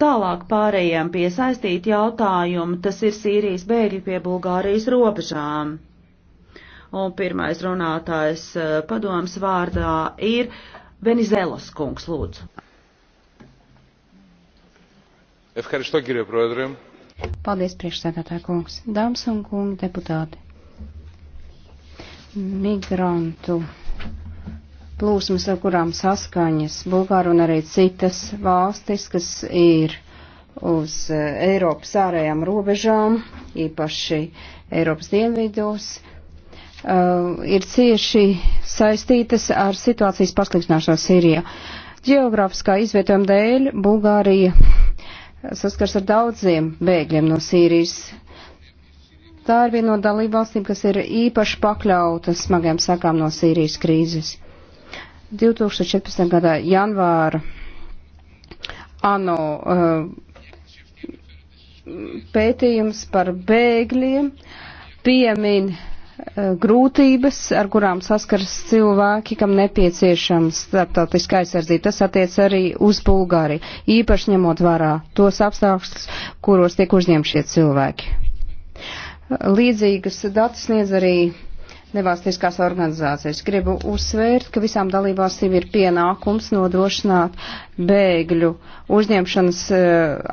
Tālāk pārējiem pie saistīti jautājumi, tas ir Sīrijas bēgļi pie Bulgārijas robežām. Un pirmais runātājs eh, padoms vārdā ir Venizelos kungs, lūdzu. Paldies, priekšsēdētāja kungs. Dāmas un kungi deputāti. Migrantu plūsmas, ar kurām saskaņas Bulgāra un arī citas valstis, kas ir uz eh, Eiropas ārējām robežām, īpaši Eiropas dienvidos, eh, ir cieši saistītas ar situācijas pasliktināšanos Sīrijā. Geogrāfiskā izvietojuma dēļ Bulgārija saskars ar daudziem bēgļiem no Sīrijas. Tā ir viena no dalībvalstīm, kas ir īpaši pakļauta smagajām sakām no Sīrijas krīzes. 2014. gada janvāra ANO eh, pētījums par bēgļiem piemin eh, grūtības, ar kurām saskaras cilvēki, kam nepieciešams starptautiska aizsardzība. Tas attiec arī uz Bulgāriju, īpaši ņemot vērā tos apstākļus, kuros tiek uzņemti šie cilvēki. Līdzīgas datus sniedz arī nevalstiskās organizācijas. Gribu uzsvērt, ka visām dalībvalstīm ir pienākums nodrošināt bēgļu uzņemšanas uh,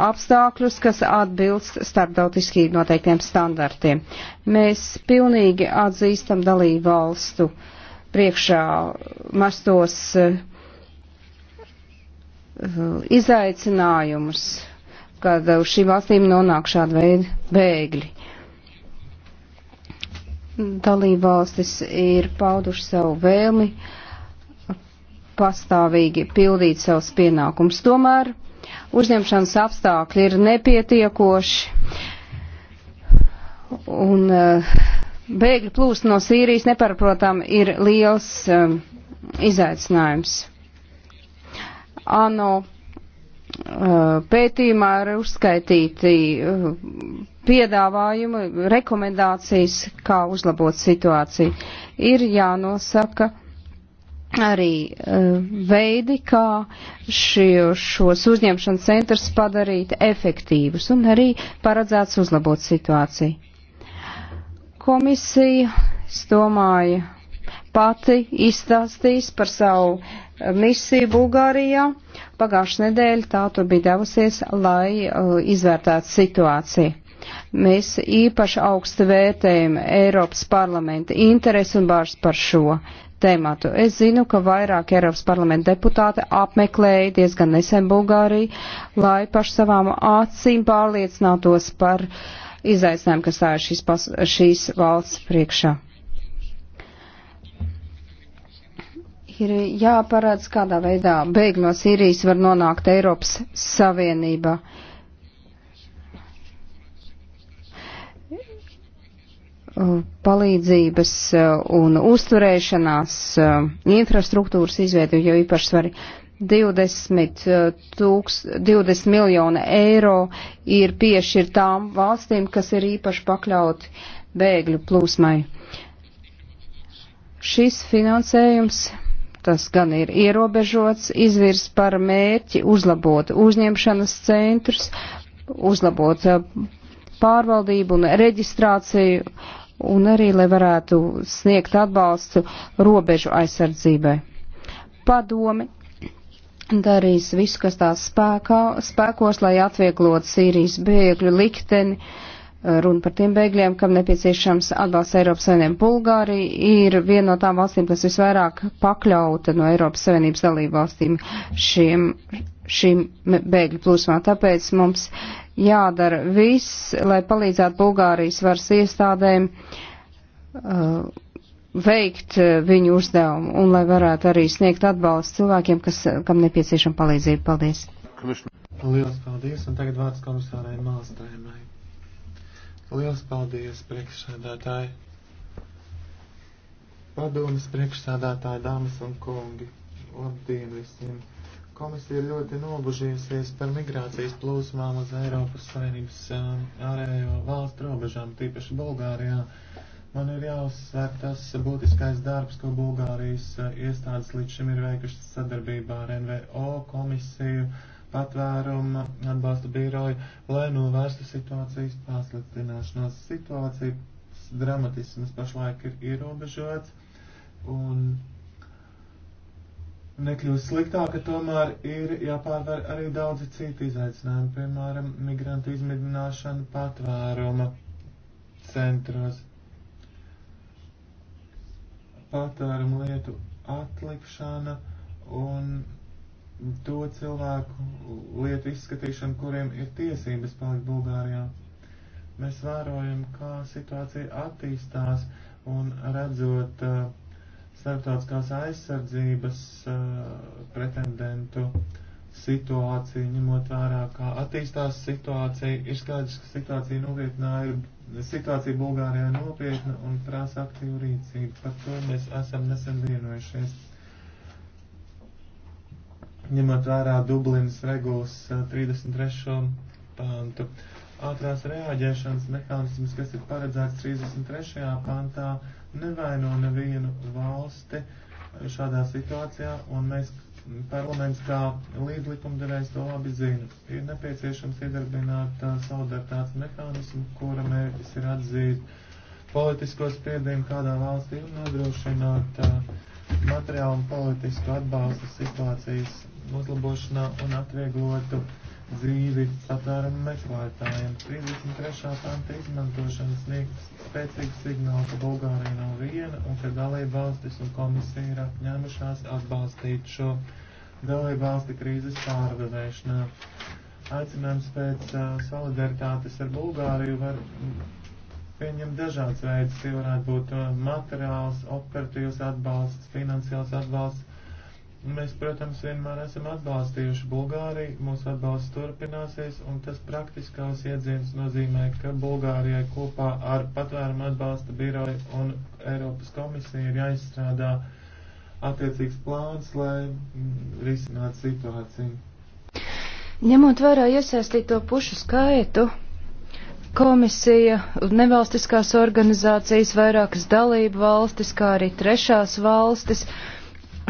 apstākļus, kas atbilst starptautiski noteiktiem standartiem. Mēs pilnīgi atzīstam dalībvalstu priekšā mastos uh, eh, izaicinājumus, kad uz šīm valstīm nonāk šāda veida bēgļi dalībvalstis ir pauduši savu vēlmi pastāvīgi pildīt savus pienākumus. Tomēr uzņemšanas apstākļi ir nepietiekoši un eh, bēgļu plūst no Sīrijas neparaprotam ir liels eh, izaicinājums. Ano Eh, pētījumā ir uzskaitīti eh, piedāvājumi, rekomendācijas, kā uzlabot situāciju. Ir jānosaka arī eh, veidi, kā šie, šos uzņemšanas centrus padarīt efektīvus un arī paredzēts uzlabot situāciju. Komisija, es domāju, pati izstāstīs par savu misiju Bulgārijā Pagājušā nedēļa tā tur bija devusies, lai uh, izvērtētu situāciju. Mēs īpaši augstu vērtējam Eiropas parlamenta interesi un bārs par šo tēmatu. Es zinu, ka vairāk Eiropas parlamenta deputāti apmeklēja diezgan nesen Bulgāriju, lai paši savām acīm pārliecinātos par izaicinājumu, kas tā ir šīs, šīs valsts priekšā. ir jāparāds, kādā veidā bēgļi no Sīrijas var nonākt Eiropas Savienībā. palīdzības uh, un uzturēšanās uh, infrastruktūras izveidu jau īpaši svarīgi. 20, uh, tūks, 20 miljoni eiro ir piešķirt tām valstīm, kas ir īpaši pakļauti bēgļu plūsmai. Šis finansējums tas gan ir ierobežots, izvirs par mērķi uzlabot uzņemšanas centrus, uzlabot eh, pārvaldību un reģistrāciju un arī, lai varētu sniegt atbalstu robežu aizsardzībai. Padomi darīs visu, kas tās spēkā, spēkos, lai atvieglot Sīrijas bēgļu likteni runa par tiem bēgļiem, kam nepieciešams atbalsts Eiropas Savienībai. Bulgārija ir viena no tām valstīm, kas visvairāk pakļauta no Eiropas Savienības dalību valstīm šiem, šīm bēgļu plūsmām. Tāpēc mums jādara viss, lai palīdzētu Bulgārijas varas iestādēm uh, veikt uh, viņu uzdevumu un lai varētu arī sniegt atbalstu cilvēkiem, kas, kam nepieciešama palīdzība. Paldies! Liels paldies! Un tagad vārds komisārai Mālstrēmai. Liels paldies, priekšsēdētāji! Padomas priekšsādātāji, dāmas un kungi, labdien visiem! Komisija ir ļoti nobužījusies par migrācijas plūsmām uz Eiropas Savienības um, ārējo valstu robežām, tīpaši Bulgārijā. Man ir jāuzsver tas būtiskais darbs, ko Bulgārijas uh, iestādes līdz šim ir veikušas sadarbībā ar NVO komisiju patvēruma atbalsta biroju, lai novērstu situācijas pasliktināšanos. Situācijas dramatisms pašlaik ir ierobežots un nekļūst sliktāka, tomēr ir jāpārvar arī daudzi citi izaicinājumi, piemēram, migrantu izmidināšana patvēruma centros, patvērumu lietu atlikšana un to cilvēku lietu izskatīšanu, kuriem ir tiesības palikt Bulgārijā. Mēs vērojam, kā situācija attīstās un redzot uh, starptautiskās aizsardzības uh, pretendentu situāciju, ņemot vērā, kā attīstās situācija, ir skaidrs, ka situācija novietnā ir, situācija Bulgārijā nopietna un prasa aktīvu rīcību. Par to mēs esam nesen vienojušies ņemot vērā Dublinas regulas 33. Eh, pantu. Ātrās reaģēšanas mehānisms, kas ir paredzēts 33. pantā, nevaino nevienu valsti eh, šādā situācijā, un mēs parlaments kā līdzlikumdevējs to labi zina. Ir nepieciešams iedarbināt uh, solidaritātes mehānismu, kura mērķis ir atzīt politisko spiedienu kādā valstī un nodrošināt uh, materiālu un politisku atbalstu situācijas uzlabošanā un atvieglotu dzīvi patērumu meklētājiem. 33. panta izmantošana sniegs spēcīgu signālu, ka Bulgārija nav viena un ka dalība valstis un komisija ir apņēmušās atbalstīt šo dalību valsti krīzes pārvarēšanā. Aicinājums pēc uh, solidaritātes ar Bulgāriju var pieņemt dažādas veidus, tie varētu būt uh, materiāls, operatīvs atbalsts, finansiāls atbalsts Mēs, protams, vienmēr esam atbalstījuši Bulgāriju, mūsu atbalsts turpināsies, un tas praktiskās iedzīmes nozīmē, ka Bulgārijai kopā ar patvērumu atbalsta biroju un Eiropas komisiju ir jāizstrādā attiecīgs plāns, lai mm, risinātu situāciju. Ņemot vērā iesaistīto pušu skaitu, komisija, nevalstiskās organizācijas, vairākas dalību valstis, kā arī trešās valstis, uh,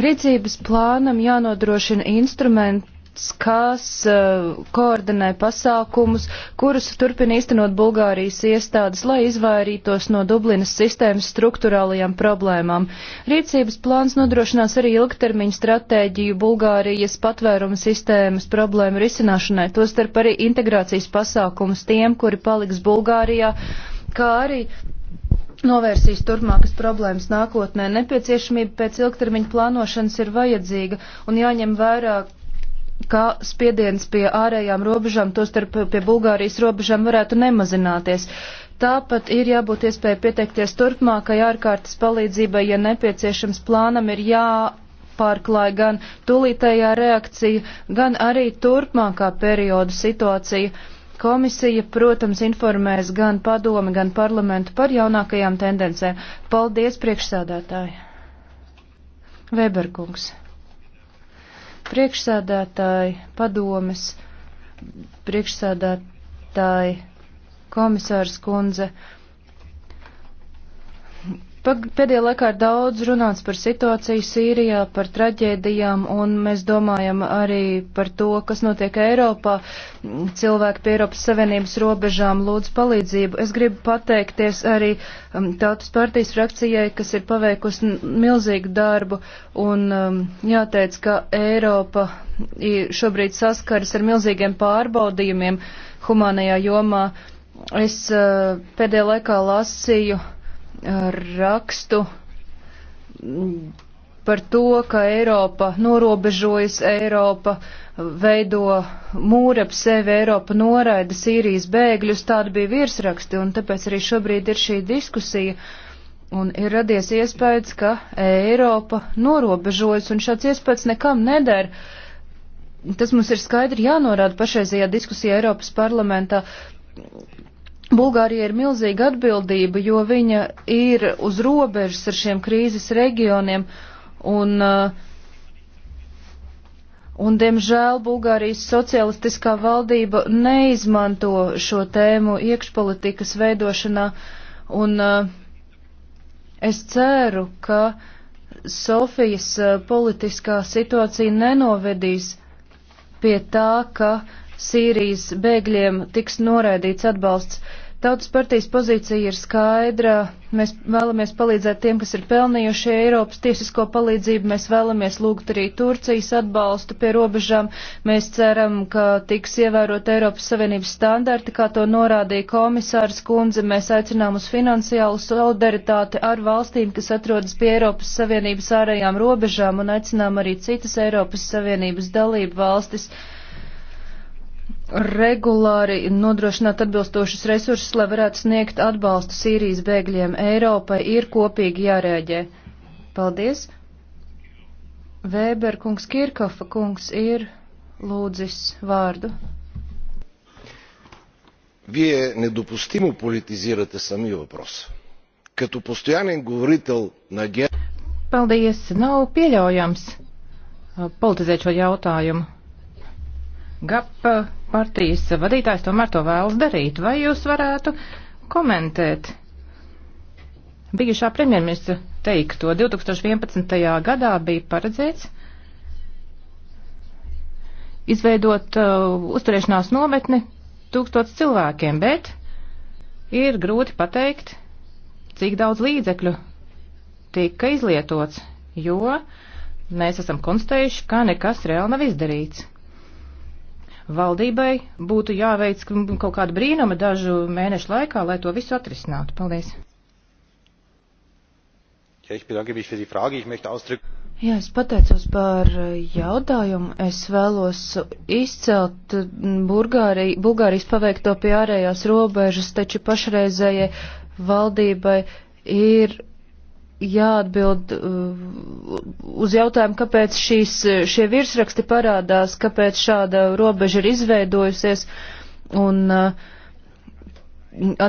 Rīcības plānam jānodrošina instruments, kas uh, koordinē pasākumus, kurus turpina īstenot Bulgārijas iestādes, lai izvairītos no Dublinas sistēmas struktūrālajām problēmām. Rīcības plāns nodrošinās arī ilgtermiņu stratēģiju Bulgārijas patvērumu sistēmas problēmu risināšanai, tostarp arī integrācijas pasākumus tiem, kuri paliks Bulgārijā, kā arī novērsīs turpmākas problēmas nākotnē. Nepieciešamība pēc ilgtermiņa plānošanas ir vajadzīga un jāņem vērā, kā spiediens pie ārējām robežām, tostarp pie Bulgārijas robežām, varētu nemazināties. Tāpat ir jābūt iespēja pieteikties turpmākai ārkārtas palīdzībai, ja nepieciešams plānam ir jā pārklāja gan tūlītējā reakcija, gan arī turpmākā perioda situācija. Komisija, protams, informēs gan padomi, gan parlamentu par jaunākajām tendencēm. Paldies, priekšsādātāji! Weberkungs. Priekšsādātāji, padomes, priekšsādātāji, komisārs kundze. Pēdējā laikā ir daudz runāts par situāciju Sīrijā, par traģēdijām, un mēs domājam arī par to, kas notiek Eiropā. Cilvēki pie Eiropas Savienības robežām lūdz palīdzību. Es gribu pateikties arī um, Tautas partijas frakcijai, kas ir paveikusi milzīgu darbu, un um, jāteic, ka Eiropa šobrīd saskaras ar milzīgiem pārbaudījumiem humanajā jomā. Es uh, pēdējā laikā lasīju rakstu par to, ka Eiropa norobežojas, Eiropa veido mūru ap sevi, Eiropa noraida Sīrijas bēgļus, tādi bija virsraksti, un tāpēc arī šobrīd ir šī diskusija, un ir radies iespējas, ka Eiropa norobežojas, un šāds iespējas nekam neder. Tas mums ir skaidri jānorāda pašreizajā diskusijā Eiropas parlamentā Bulgārija ir milzīga atbildība, jo viņa ir uz robežas ar šiem krīzes reģioniem, un, uh, un diemžēl Bulgārijas socialistiskā valdība neizmanto šo tēmu iekšpolitikas veidošanā, un uh, es ceru, ka Sofijas uh, politiskā situācija nenovedīs pie tā, ka uh, Sīrijas bēgļiem tiks noraidīts atbalsts. Tautas partijas pozīcija ir skaidra. Mēs vēlamies palīdzēt tiem, kas ir pelnījuši Eiropas tiesisko palīdzību. Mēs vēlamies lūgt arī Turcijas atbalstu pie robežām. Mēs ceram, ka tiks ievērot Eiropas Savienības standarti, kā to norādīja komisārs kundze. Mēs aicinām uz finansiālu solidaritāti ar valstīm, kas atrodas pie Eiropas Savienības ārējām robežām un aicinām arī citas Eiropas Savienības dalību valstis regulāri nodrošināt atbilstošas resursus, lai varētu sniegt atbalstu Sīrijas bēgļiem Eiropai, ir kopīgi jārēģē. Paldies! Vēber kungs Kirkofa kungs ir lūdzis vārdu. Вие недопустимо политизирате самия въпрос. Като постоянен говорител на ГЕР... Paldies! Nav pieļaujams politizēt šo jautājumu GAP partijas vadītājs tomēr to vēlas darīt. Vai jūs varētu komentēt bijušā premjerministra teikto? 2011. gadā bija paredzēts izveidot uh, uzturēšanās nometni tūkstots cilvēkiem, bet ir grūti pateikt, cik daudz līdzekļu tika izlietots, jo mēs esam konstatējuši, ka nekas reāli nav izdarīts. Valdībai būtu jāveic kaut kāda brīnuma dažu mēnešu laikā, lai to visu atrisinātu. Paldies! Ja, ich bedanke mich für die Frage. Ich möchte ausdrücken. Jā, es pateicos par uh, jautājumu. Es vēlos izcelt Bulgāriju, Bulgārijas paveikto pie ārējās robežas, taču pašreizējai valdībai ir jāatbild uh, uz jautājumu, kāpēc šīs, šie virsraksti parādās, kāpēc šāda robeža ir izveidojusies. Un uh,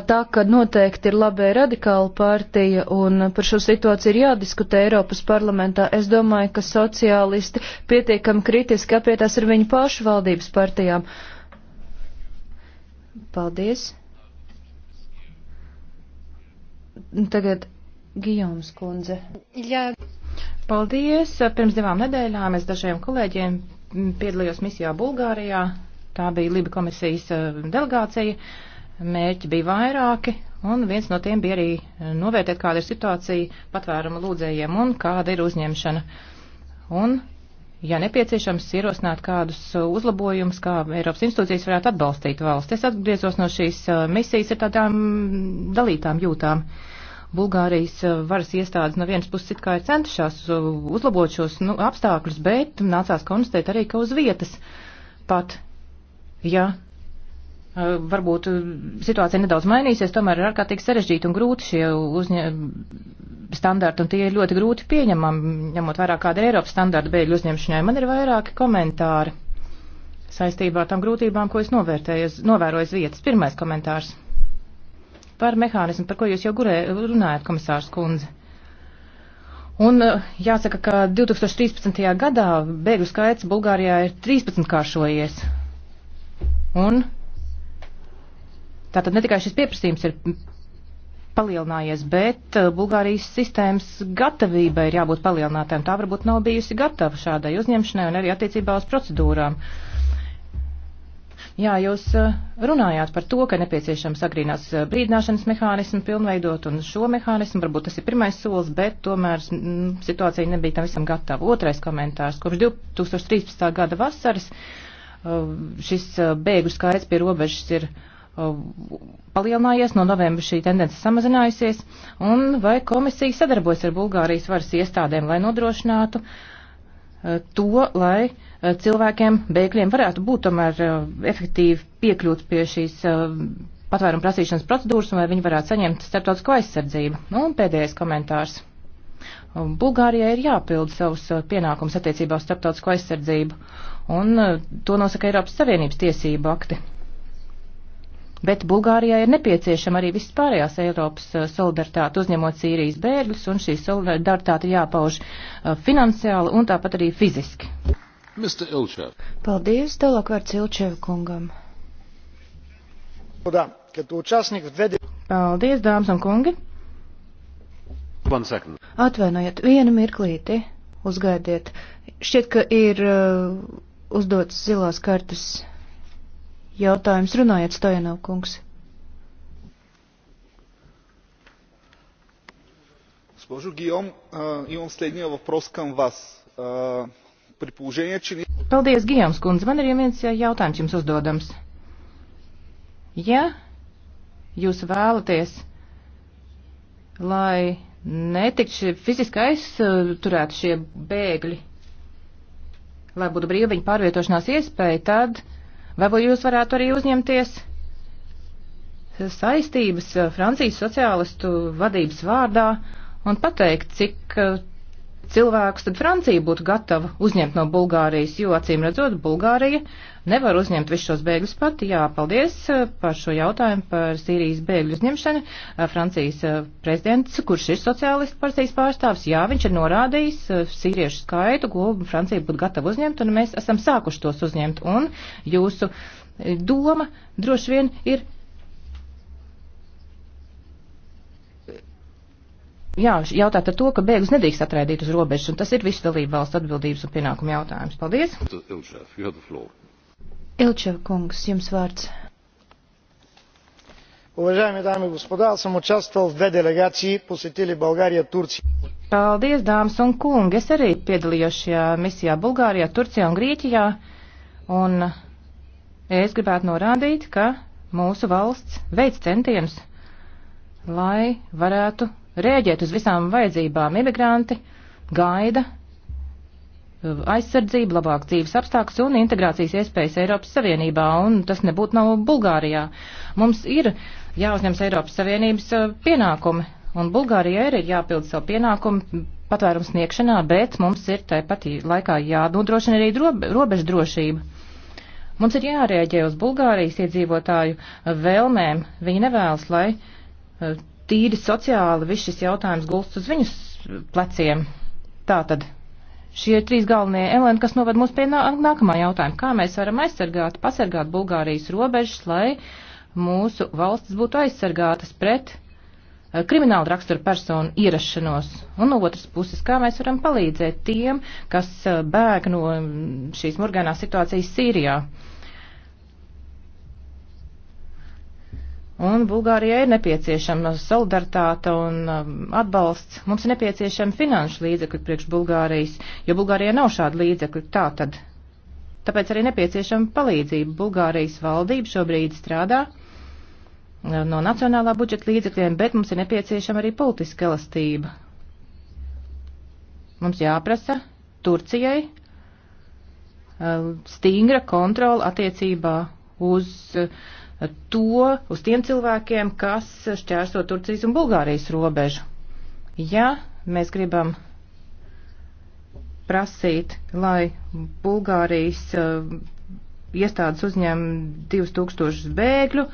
tā, ka noteikti ir labai radikāla pārtīja un par šo situāciju ir jādiskutē Eiropas parlamentā, es domāju, ka sociālisti pietiekam kritiski apietās ar viņu pašu valdības partijām. Paldies. Tagad Gijoms kundze. Jā. Paldies! Pirms divām nedēļām es dažiem kolēģiem piedalījos misijā Bulgārijā. Tā bija Liba komisijas eh, delegācija. Mērķi bija vairāki, un viens no tiem bija arī eh, novērtēt, kāda ir situācija patvēruma lūdzējiem un kāda ir uzņemšana. Un, ja nepieciešams, ierosināt kādus uzlabojumus, kā Eiropas institūcijas varētu atbalstīt valsts. Es atgriezos no šīs eh, misijas ar tādām mm, dalītām jūtām. Uh, Bulgārijas eh, varas iestādes no vienas puses it kā ir centušās eh, uzlabot šos nu, apstākļus, bet nācās konstatēt arī, ka uz vietas pat, ja eh, varbūt situācija nedaudz mainīsies, tomēr ir ārkārtīgi sarežģīti un grūti šie uzņem, standarti, un tie ir ļoti grūti pieņemami, ņemot vairāk kāda ir Eiropas standarta bēgļu uzņemšanai. Man ir vairāki komentāri saistībā ar tām grūtībām, ko es novērtēju, novēroju vietas. Pirmais komentārs par mehānismu, par ko jūs jau gurē, runājat, komisārs Kundze. Un eh, jāsaka, ka 2013. gadā bēgļu skaits Bulgārijā ir 13 kāršojies. Un tātad ne tikai šis pieprasījums ir palielinājies, bet eh, Bulgārijas sistēmas gatavība ir jābūt palielinātājiem. Tā varbūt nav bijusi gatava šādai uzņemšanai un arī attiecībā uz procedūrām. Uh, Jā, jūs eh, runājāt par to, ka nepieciešams agrīnās eh, brīdināšanas mehānismu pilnveidot un šo mehānismu, varbūt tas ir pirmais solis, bet tomēr m, mm, situācija nebija tam visam gatava. Otrais komentārs. Kopš 2013. gada vasaras eh, šis bēgļu skaits pie robežas ir palielinājies, no novembra šī tendence samazinājusies, un vai komisija sadarbojas ar Bulgārijas varas iestādēm, lai nodrošinātu uh, to, lai eh, cilvēkiem, bēgļiem varētu būt tomēr eh, efektīvi piekļūt pie šīs eh, patvērumu prasīšanas procedūras un lai viņi varētu saņemt starptautisko aizsardzību. Nu, un pēdējais komentārs. Bulgārijai ir jāpild savus pienākumus attiecībā uz starptautisko aizsardzību, un to nosaka Eiropas Savienības tiesību akti. Bet Bulgārijai ir nepieciešama arī viss pārējās Eiropas eh, solidaritāte, uzņemot Sīrijas bēgļus, un šī solidaritāte jāpauž eh, finansiāli un tāpat arī fiziski. Paldies, tālāk vārds Ilčev kungam. Paldies, dāmas un kungi. Atvainojiet, vienu mirklīti uzgaidiet. Šķiet, ka ir uh, eh, uzdots zilās kartas Jautājums runājiet, Stojanov kungs. Госпожо Гиом, имам следния въпрос към вас. При положение, че... Paldies, Gijoms kundze. Man ir viens jautājums jums uzdodams. Ja jūs vēlaties, lai netiktu fiziski aizturēti šie bēgļi, lai būtu brīva viņa pārvietošanās iespēja, tad uh, Varbūt jūs varētu arī uzņemties saistības eh, Francijas sociālistu vadības vārdā un pateikt, cik eh, cilvēkus, tad Francija būtu gatava uzņemt no Bulgārijas, jo acīm redzot, Bulgārija nevar uzņemt visus šos bēgļus pati. Jā, paldies eh, par šo jautājumu par Sīrijas bēgļu uzņemšanu. Eh, Francijas eh, prezidents, kurš ir sociālistu partijas pārstāvs, jā, viņš ir norādījis sīriešu skaitu, ko Francija būtu gatava uzņemt, un mēs esam sākuši tos uzņemt. Un jūsu doma droši vien ir jā, jautāt ar to, ka bēgus nedrīkst atraidīt uz robežas, un tas ir visu dalību valstu atbildības un pienākumu jautājums. Paldies! Ilčev kungs, jums vārds. Уважаеми дами и господа, аз съм участвал в две делегации, посетили България, Турция. Paldies, dāmas un kungi! Es arī piedalījos šajā misijā Bulgārijā, Turcijā un Grieķijā, un es gribētu norādīt, ka mūsu valsts veids centienus, lai varētu rēģēt uz visām vajadzībām. Imigranti gaida aizsardzību, labāk dzīves apstākļus un integrācijas iespējas Eiropas Savienībā, un tas nebūtu nav Bulgārijā. Mums ir jāuzņems Eiropas Savienības eh, pienākumi, un Bulgārijai ir jāpild savu pienākumu patvērums sniegšanā, bet mums ir tāpat laikā jānodrošina arī robežu drošība. Mums ir jārēģē uz Bulgārijas iedzīvotāju eh, vēlmēm. Viņi nevēlas, lai eh, tīri sociāli viss šis jautājums gulst uz viņus pleciem. Tātad šie ir trīs galvenie elementi, kas noved mūs pie nākamā jautājuma. Kā mēs varam aizsargāt, pasargāt Bulgārijas robežas, lai mūsu valstis būtu aizsargātas pret eh, krimināla rakstura personu ierašanos, un no otras puses, kā mēs varam palīdzēt tiem, kas eh, bēg no mm, šīs murgainās situācijas Sīrijā. Uh, Un Bulgārijai ir nepieciešama solidaritāte un um, atbalsts. Mums ir nepieciešama finanšu līdzekļu priekš Bulgārijas, jo Bulgārijai nav šāda līdzekļu. Tā tad. Tāpēc arī nepieciešama palīdzība. Bulgārijas valdība šobrīd strādā uh, no nacionālā budžeta līdzekļiem, bet mums ir nepieciešama arī politiska elastība. Mums jāprasa Turcijai uh, stingra kontrola attiecībā uz uh, to uz tiem cilvēkiem, kas šķērso Turcijas un Bulgārijas robežu. Ja mēs gribam prasīt, lai Bulgārijas uh, iestādes uzņem 2000 bēgļu,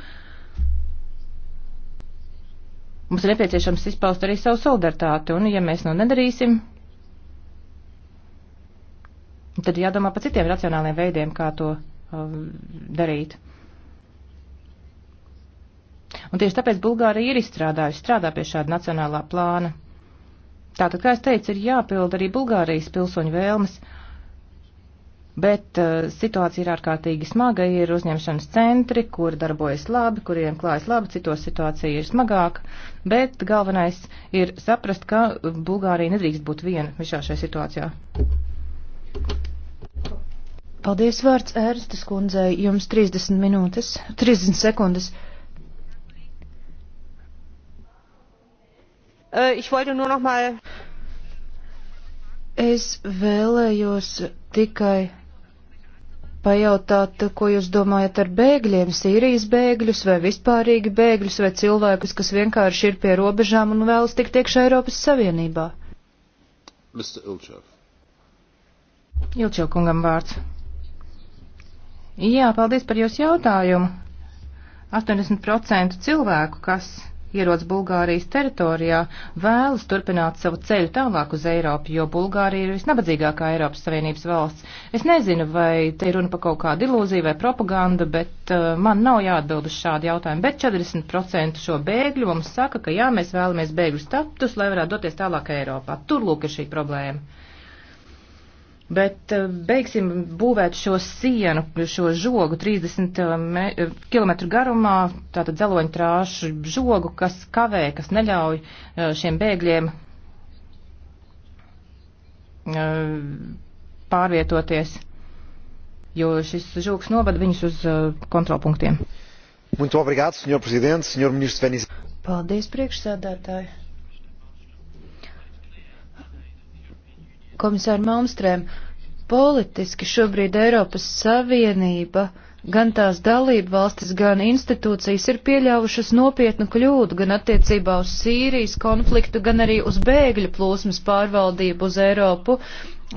mums ir nepieciešams izpaust arī savu solidaritāti, un ja mēs to nedarīsim, tad jādomā par citiem racionāliem veidiem, kā to uh, darīt. Un tieši tāpēc Bulgārija ir izstrādājusi, strādā pie šāda nacionālā plāna. Tātad, kā es teicu, ir jāpild arī Bulgārijas pilsoņu vēlmes, bet uh, situācija ir ārkārtīgi smaga, ir uzņemšanas centri, kur darbojas labi, kuriem klājas labi, citos situācija ir smagāka, bet galvenais ir saprast, ka Bulgārija nedrīkst būt viena visā šajā situācijā. Paldies vārds ērstas kundzei, jums 30 minūtes, 30 sekundes. Uh, Äh, ich wollte nur noch mal. Es vēlējos tikai pajautāt, ko jūs domājat ar bēgļiem, Sīrijas bēgļus vai vispārīgi bēgļus vai cilvēkus, kas vienkārši ir pie robežām un vēlas tikt iekšā Eiropas Savienībā? Ilčev kungam vārds. Jā, paldies par jūsu jautājumu. 80% cilvēku, kas ierodas Bulgārijas teritorijā, vēlas turpināt savu ceļu tālāk uz Eiropu, jo Bulgārija ir visnabadzīgākā Eiropas Savienības valsts. Es nezinu, vai te ir runa par kaut kādu ilūziju vai propagandu, bet uh, man nav jāatbild uz šādu jautājumu. Bet 40% šo bēgļu mums saka, ka jā, mēs vēlamies bēgļu status, lai varētu doties tālāk Eiropā. Tur lūk ir šī problēma. Bet eh, beigsim būvēt šo sienu, šo žogu 30 eh, eh, km garumā, tātad dzeloņtrāšu žogu, kas kavē, kas neļauj šiem bēgļiem pārvietoties, jo šis žogs novada viņus uz kontrolpunktiem. Muito obrigado, senhor presidente, senhor ministro Venis. Paldies, priekšsēdētāji. komisāra Malmstrēm, politiski šobrīd Eiropas Savienība, gan tās dalība valstis, gan institūcijas ir pieļāvušas nopietnu kļūdu gan attiecībā uz Sīrijas konfliktu, gan arī uz bēgļu plūsmas pārvaldību uz Eiropu.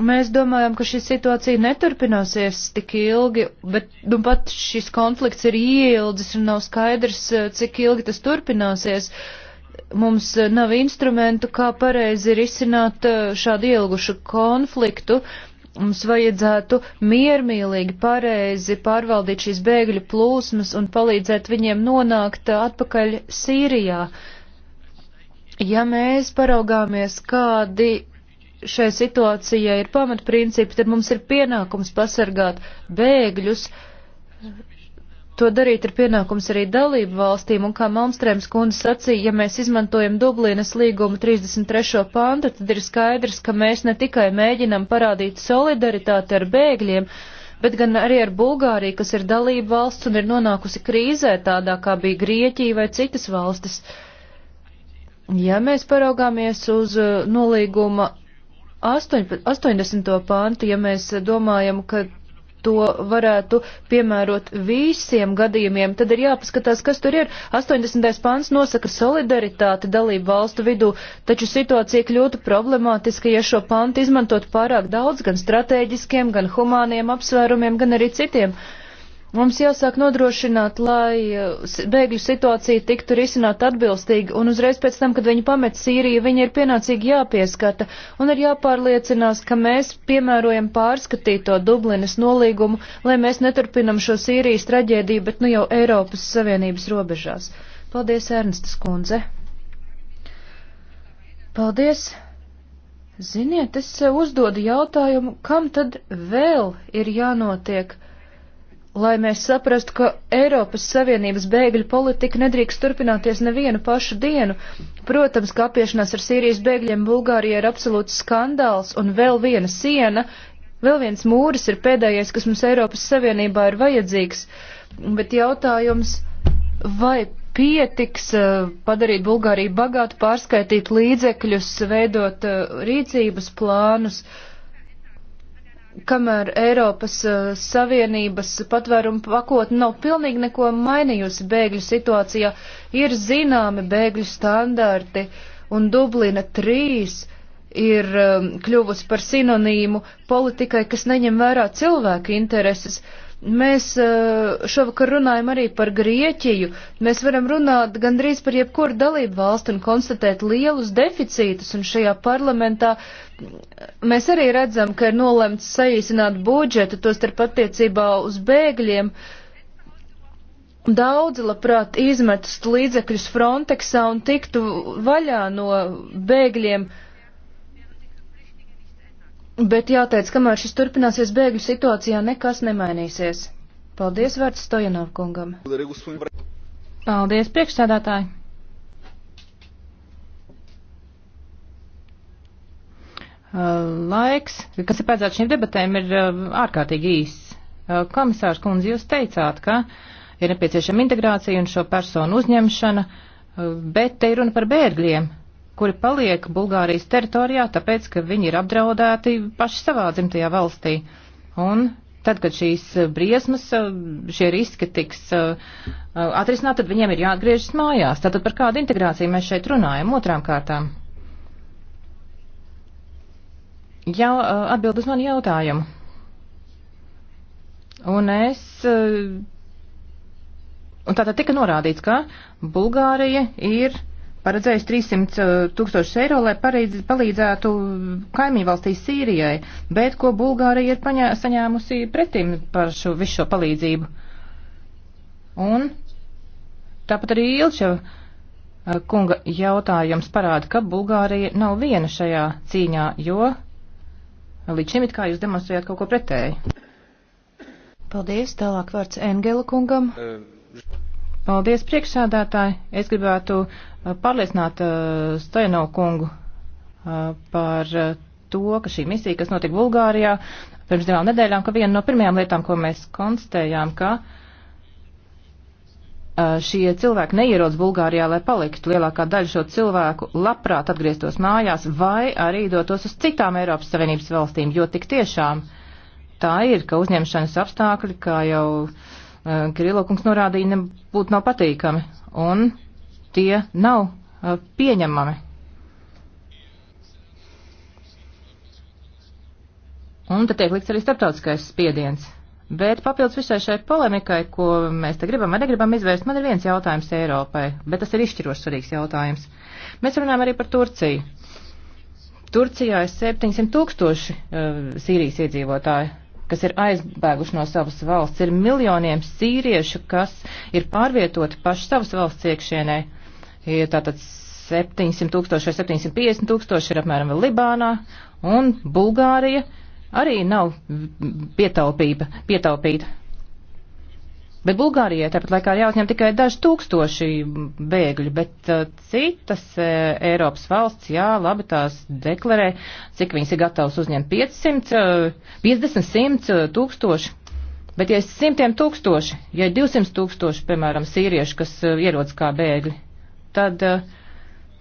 Mēs domājam, ka šī situācija neturpināsies tik ilgi, bet nu pat šis konflikts ir ieildzis un nav skaidrs, cik ilgi tas turpināsies. Uh, mums eh, nav instrumentu, kā pareizi risināt eh, šādu ielgušu konfliktu. Mums vajadzētu miermīlīgi, pareizi pārvaldīt šīs bēgļu plūsmas un palīdzēt viņiem nonākt eh, atpakaļ Sīrijā. Ja mēs paraugāmies, kādi šai situācijai ir pamatprincipi, tad mums ir pienākums pasargāt bēgļus, To darīt ir pienākums arī dalību valstīm, un kā Malmstrēms kundze sacīja, ja mēs izmantojam Dublīnas līguma 33. pantu, tad ir skaidrs, ka mēs ne tikai mēģinam parādīt solidaritāti ar bēgļiem, bet gan arī ar Bulgāriju, kas ir dalību valsts un ir nonākusi krīzē, tādā kā bija Grieķija vai citas valstis. Ja mēs paraugāmies uz uh, nolīguma 80. pantu, ja mēs domājam, ka to varētu piemērot visiem gadījumiem, tad ir jāpaskatās, kas tur ir. 80. pāns nosaka solidaritāti dalību valstu vidū, taču situācija kļūtu problemātiska, ja šo pantu izmantot pārāk daudz gan strateģiskiem, gan humāniem apsvērumiem, gan arī citiem. Uh, Mums jāsāk nodrošināt, lai uh, bēgļu situācija tiktu risināt atbilstīgi, un uzreiz pēc tam, kad viņi pamet Sīriju, viņi ir pienācīgi jāpieskata, un ir jāpārliecinās, ka mēs piemērojam pārskatīto Dublinas nolīgumu, lai mēs neturpinam šo Sīrijas traģēdiju, bet nu jau Eiropas Savienības robežās. Paldies, Ernstas kundze! Paldies! Ziniet, es sev uzdodu jautājumu, kam tad vēl ir jānotiek? lai mēs saprastu, ka Eiropas Savienības bēgļu politika nedrīkst turpināties nevienu pašu dienu. Protams, ka apiešanās ar Sīrijas bēgļiem Bulgārija ir absolūts skandāls un vēl viena siena, vēl viens mūris ir pēdējais, kas mums Eiropas Savienībā ir vajadzīgs. Bet jautājums, vai pietiks eh, padarīt Bulgāriju bagātu, pārskaitīt līdzekļus, veidot eh, rīcības plānus? Uh, kamēr Eiropas eh, Savienības patvērumu pakotne nav pilnīgi neko mainījusi bēgļu situācijā, ir zināmi bēgļu standarti un Dublina 3 ir um, kļuvusi par sinonīmu politikai, kas neņem vērā cilvēku intereses. Mēs uh, šovakar runājam arī par Grieķiju. Mēs varam runāt gandrīz par jebkuru dalību valstu un konstatēt lielus deficītus, un šajā parlamentā mēs arī redzam, ka ir nolemts saīsināt budžetu, tostarp attiecībā uz bēgļiem. Daudzi labprāt izmetus līdzekļus Frontexā un tiktu vaļā no bēgļiem. Uh, Bet jāteic, kamēr šis turpināsies bēgļu situācijā, nekas nemainīsies. Paldies vārds Stojanov kungam. Paldies priekšsēdētāji. Uh, laiks, kas ir pēdējā šīm debatēm, ir uh, ārkārtīgi īss. Uh, komisārs kundze, jūs teicāt, ka ir nepieciešama integrācija un šo personu uzņemšana, bet te ir runa par bērgļiem kuri paliek Bulgārijas teritorijā, tāpēc, ka viņi ir apdraudēti paši savā dzimtajā valstī. Un tad, kad šīs eh, briesmas, eh, šie riski tiks eh, atrisināt, tad viņiem ir jāatgriežas mājās. Tātad par kādu integrāciju mēs šeit runājam otrām kārtām? Jā, atbild uz manu jautājumu. Un es Un tātad tika norādīts, ka Bulgārija ir paredzējis 300 eh, tūkstošus eiro, lai pareidz, palīdzētu kaimiņvalstīs Sīrijai, bet ko Bulgārija ir paņē, saņēmusi pretim par šo visu šo palīdzību. Un tāpat arī Ilčeva eh, kunga jautājums parāda, ka Bulgārija nav viena šajā cīņā, jo līdz šim it kā jūs demonstrējāt kaut ko pretēji. Paldies, tālāk vārds Engela kungam. Uh. Paldies, priekšsādātāji. Es gribētu uh, pārliecināt uh, Stojano kungu uh, par uh, to, ka šī misija, kas notika Bulgārijā pirms divām nedēļām, ka viena no pirmajām lietām, ko mēs konstatējām, ka uh, šie cilvēki neierodas Bulgārijā, lai paliktu. Lielākā daļa šo cilvēku labprāt atgrieztos mājās vai arī dotos uz citām Eiropas Savienības valstīm, jo tik tiešām tā ir, ka uzņemšanas apstākļi, kā jau uh, Eh, Kirilo kungs norādīja, nebūtu nav patīkami, un tie nav eh, pieņemami. Un tad tiek likts arī starptautiskais spiediens. Bet papildus visai šai polemikai, ko mēs te gribam vai negribam izvērst, man ir viens jautājums Eiropai, bet tas ir izšķirošs svarīgs jautājums. Mēs runājam arī par Turciju. Turcijā ir 700 tūkstoši uh, Sīrijas iedzīvotāji kas ir aizbēguši no savas valsts, ir miljoniem sīriešu, kas ir pārvietoti paši savas valsts iekšienē. Ir tātad 700 tūkstoši vai 750 tūkstoši ir apmēram vēl Libānā, un Bulgārija arī nav pietaupība, pietaupīta. Bet Bulgārijai tāpat laikā ir jāuzņem tikai daži tūkstoši bēgļu, bet uh, citas uh, Eiropas valsts, jā, labi tās deklarē, cik viņas ir gatavas uzņemt 500, 50, 100 tūkstoši. Bet ja ir simtiem tūkstoši, ja ir 200 tūkstoši, piemēram, sīrieši, kas uh, ierodas kā bēgļi, tad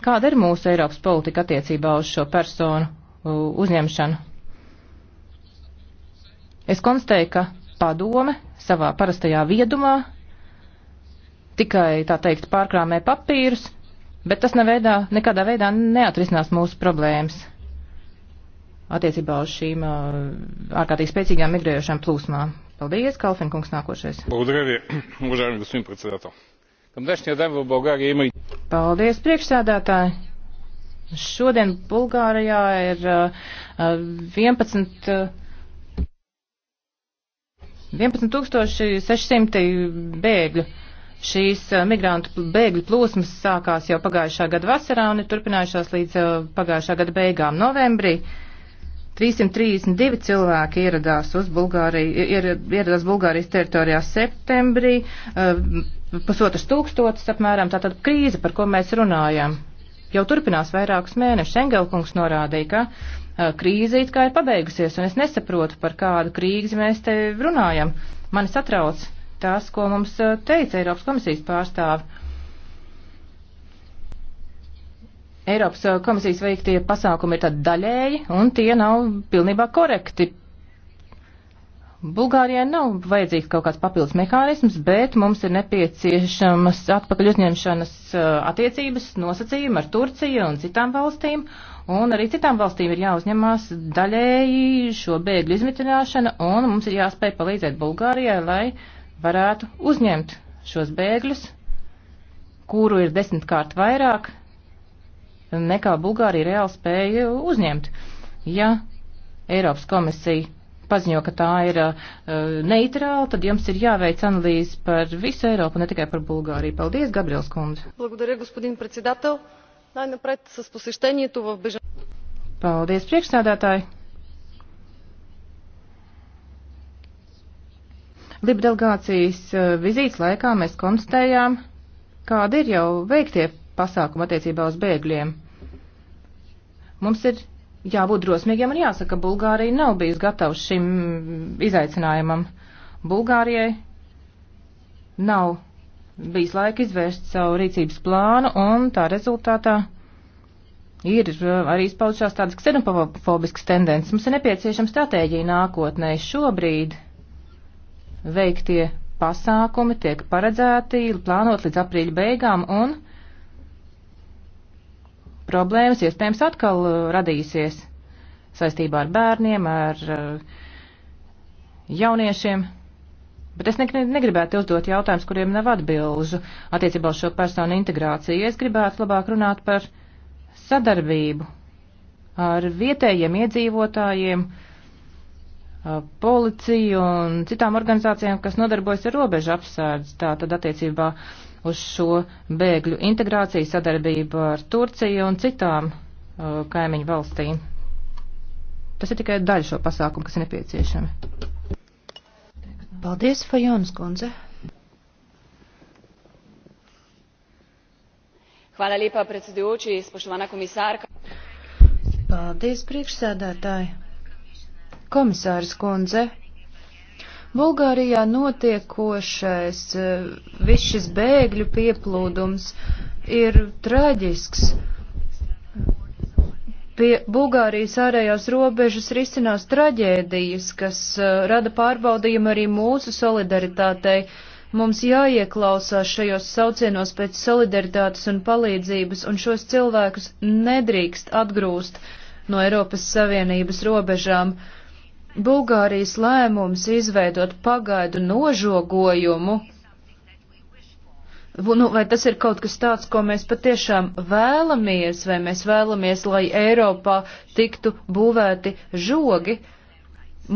kāda ir mūsu Eiropas politika attiecībā uz šo personu uzņemšanu? Es konstatēju, ka padome savā parastajā viedumā tikai, tā teikt, pārkrāmē papīrus, bet tas neveidā, nekādā veidā neatrisinās mūsu problēmas attiecībā uz šīm uh, ārkārtīgi spēcīgām migrējošām plūsmām. Paldies, Kalfin kungs, nākošais. Paldies, priekšsēdētāji. Šodien Bulgārijā ir uh, uh 11. Uh, 11600 bēgļu. Šīs uh, migrantu bēgļu plūsmas sākās jau pagājušā gada vasarā un ir turpinājušās līdz uh, pagājušā gada beigām novembrī. 332 cilvēki ieradās, Bulgāriju, ieradās Bulgārijas teritorijā septembrī, uh, pusotras tūkstotis apmēram, tātad krīze, par ko mēs runājam, jau turpinās vairākus mēnešus. Engelkungs norādīja, ka Eh, krīze it kā ir pabeigusies, un es nesaprotu, par kādu krīzi mēs te runājam. Mani satrauc tas, ko mums eh, teica Eiropas komisijas pārstāvi. Eiropas eh, komisijas veiktie pasākumi ir tad daļēji, un tie nav pilnībā korekti Bulgārijai nav vajadzīgs kaut kāds papildus mehānisms, bet mums ir nepieciešamas atpakaļ uzņemšanas uh, attiecības nosacījumi ar Turciju un citām valstīm, un arī citām valstīm ir jāuzņemās daļēji šo bēgļu izmitināšana, un mums ir jāspēj palīdzēt Bulgārijai, lai varētu uzņemt šos bēgļus, kuru ir desmitkārt vairāk nekā Bulgārija reāli spēja uzņemt. Ja Eiropas komisija paziņo, ka tā ir uh, neitrāla, tad jums ir jāveic analīze par visu Eiropu, ne tikai par Bulgāriju. Paldies, Gabriels kundze. Paldies, priekšsādātāji. Liba delegācijas uh, vizītes laikā mēs konstatējām, kāda ir jau veiktie pasākuma attiecībā uz bēgļiem. Mums ir jābūt drosmīgiem un jāsaka, Bulgārija nav bijusi gatava šim izaicinājumam. Bulgārijai nav bijis laika izvērst savu rīcības plānu, un tā rezultātā ir uh, arī izpaudušās tādas ksenofobiskas tendences. Mums ir nepieciešama stratēģija nākotnē. Šobrīd veiktie pasākumi tiek paredzēti, plānot līdz aprīļa beigām, un problēmas iespējams atkal uh, radīsies saistībā ar bērniem, ar uh, jauniešiem. Bet es negribētu uzdot jautājumus, kuriem nav atbilžu attiecībā uz šo personu integrāciju. Es gribētu labāk runāt par sadarbību ar vietējiem iedzīvotājiem, uh, policiju un citām organizācijām, kas nodarbojas ar robežu apsērdz. Tā tad attiecībā uz šo bēgļu integrāciju sadarbību ar Turciju un citām uh, kaimiņu valstīm. Tas ir tikai daļa šo pasākumu, kas ir nepieciešami. Paldies, Fajons kundze. Hvala lepa, predsedujoči, spoštovana komisārka. Paldies, priekšsēdētāji. Komisārs kundze, Bulgārijā notiekošais, eh, viss šis bēgļu pieplūdums ir traģisks. Pie Bulgārijas ārējās robežas risinās traģēdijas, kas eh, rada pārbaudījumu arī mūsu solidaritātei. Mums jāieklausās šajos saucienos pēc solidaritātes un palīdzības, un šos cilvēkus nedrīkst atgrūst no Eiropas Savienības robežām. Uh, Bulgārijas lēmums izveidot pagaidu nožogojumu, nu, vai tas ir kaut kas tāds, ko mēs patiešām vēlamies, vai mēs vēlamies, lai Eiropā tiktu būvēti žogi,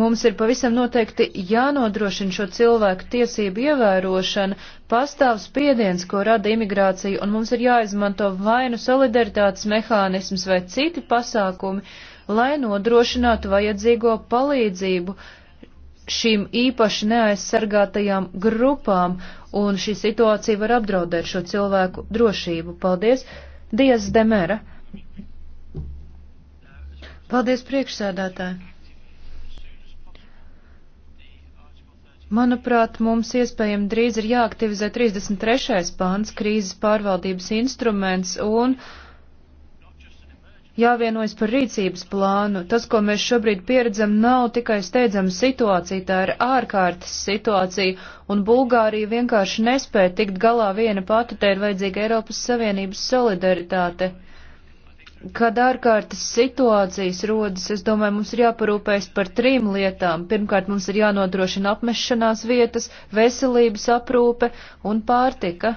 mums ir pavisam noteikti jānodrošina šo cilvēku tiesību ievērošana, pastāv spiediens, ko rada imigrācija, un mums ir jāizmanto vai nu solidaritātes mehānisms vai citi pasākumi, lai nodrošinātu vajadzīgo palīdzību šīm īpaši neaizsargātajām grupām, un šī situācija var apdraudēt šo cilvēku drošību. Paldies, Dievs Demera! Paldies, priekšsēdētāji! Manuprāt, mums iespējami drīz ir jāaktivizē 33. pāns krīzes pārvaldības instruments un uh, jāvienojas par rīcības plānu. Tas, ko mēs šobrīd pieredzam, nav tikai steidzama situācija, tā ir ārkārtas situācija, un Bulgārija vienkārši nespēja tikt galā viena pati, tai ir vajadzīga Eiropas Savienības solidaritāte. Kad ārkārtas situācijas rodas, es domāju, mums ir jāparūpējas par trim lietām. Pirmkārt, mums ir jānodrošina apmešanās vietas, veselības aprūpe un pārtika.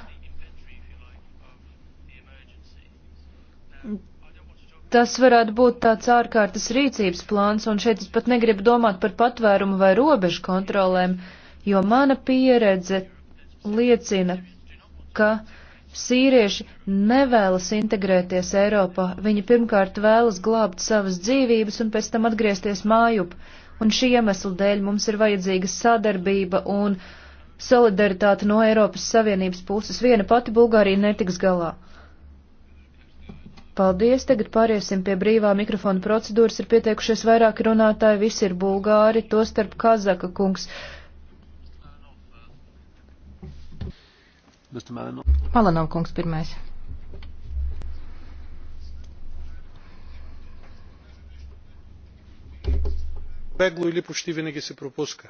Tas varētu būt tāds ārkārtas rīcības plāns, un šeit es pat negribu domāt par patvērumu vai robežu kontrolēm, jo mana pieredze liecina, ka sīrieši nevēlas integrēties Eiropā. Viņi pirmkārt vēlas glābt savas dzīvības un pēc tam atgriezties mājup, un šī iemesla dēļ mums ir vajadzīga sadarbība un solidaritāte no Eiropas Savienības puses. Viena pati Bulgārija netiks galā. Paldies, tagad pāriesim pie brīvā mikrofona procedūras. Ir pieteikušies vairāki runātāji, visi ir bulgāri, to starp Kazaka kungs. Palanov kungs pirmais. бегло или почти винаги се пропуска.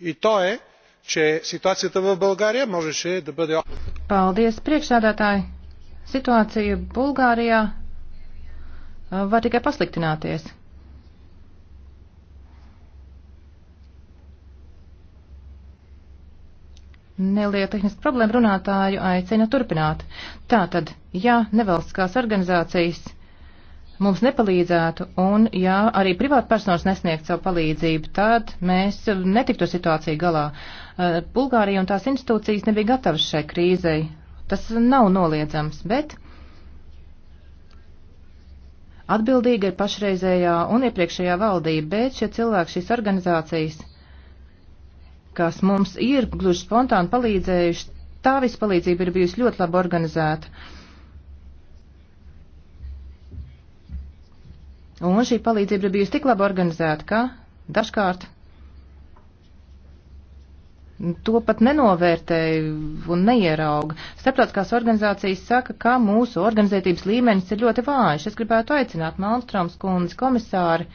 И то е, че ситуацията в България можеше да бъде. Paldies, priekšsādātāji! Situācija Bulgārijā var tikai pasliktināties. Neliela tehniska problēma runātāju aicina turpināt. Tātad, ja nevalstiskās organizācijas mums nepalīdzētu un ja arī privātpersonas nesniegt savu palīdzību, tad mēs netiktu situāciju galā. Bulgārija un tās institūcijas nebija gatavas šai krīzei Tas nav noliedzams, bet atbildīga ir pašreizējā un iepriekšējā valdība, bet šie cilvēki, šīs organizācijas, kas mums ir gluži spontāni palīdzējuši, tā vispalīdzība ir bijusi ļoti labi organizēta. Un šī palīdzība ir bijusi tik labi organizēta, ka dažkārt to pat nenovērtēju un neieraugu. Starptautiskās organizācijas saka, ka mūsu organizētības līmenis ir ļoti vājš. Es gribētu aicināt Malmstroms kundzi komisāri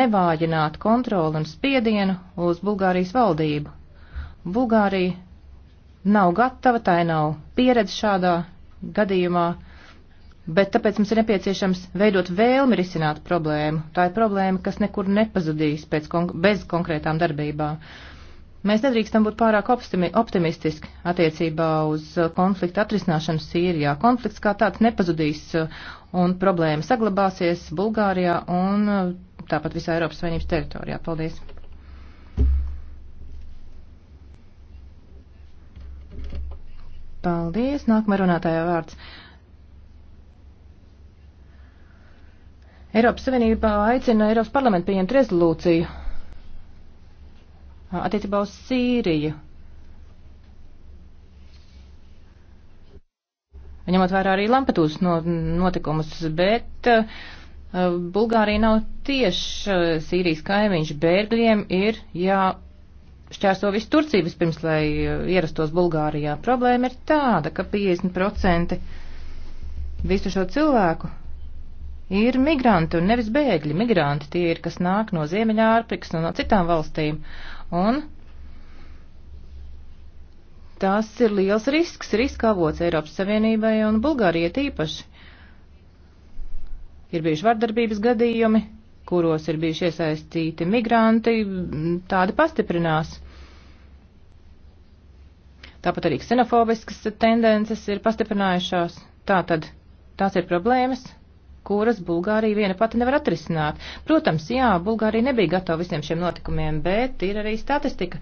nevājināt kontroli un spiedienu uz Bulgārijas valdību. Bulgārija nav gatava, tai nav pieredze šādā gadījumā, bet tāpēc mums ir nepieciešams veidot vēlmi risināt problēmu. Tā ir problēma, kas nekur nepazudīs pēc, bez konkrētām darbībām. Uh, Mēs nedrīkstam būt pārāk optimistiski attiecībā uz uh, konflikta atrisināšanu Sīrijā. Konflikts kā tāds nepazudīs uh, un problēma saglabāsies Bulgārijā un uh, tāpat visā Eiropas Savienības teritorijā. Paldies! Paldies! Nākamā runātājā vārds. Eiropas Savienība aicina Eiropas parlamentu pieņemt rezolūciju attiecībā uz Sīriju. Ņemot vērā arī Lampedūzas notikumus, bet Bulgārija nav tieši Sīrijas kaimiņš. Bērgļiem ir jāšķērso visu Turciju vispirms, lai ierastos Bulgārijā. Problēma ir tāda, ka 50% visu šo cilvēku ir migranti un nevis bēgļi. Migranti tie ir, kas nāk no Ziemeļā Ārprikas un no citām valstīm. Un tas ir liels risks, riska avots Eiropas Savienībai un Bulgārijai tīpaši. Ir bijuši vardarbības gadījumi, kuros ir bijuši iesaistīti migranti, tādi pastiprinās. Tāpat arī ksenofobiskas tendences ir pastiprinājušās. Tātad tās ir problēmas, kuras Bulgārija viena pati nevar atrisināt. Protams, jā, Bulgārija nebija gatava visiem šiem notikumiem, bet ir arī statistika,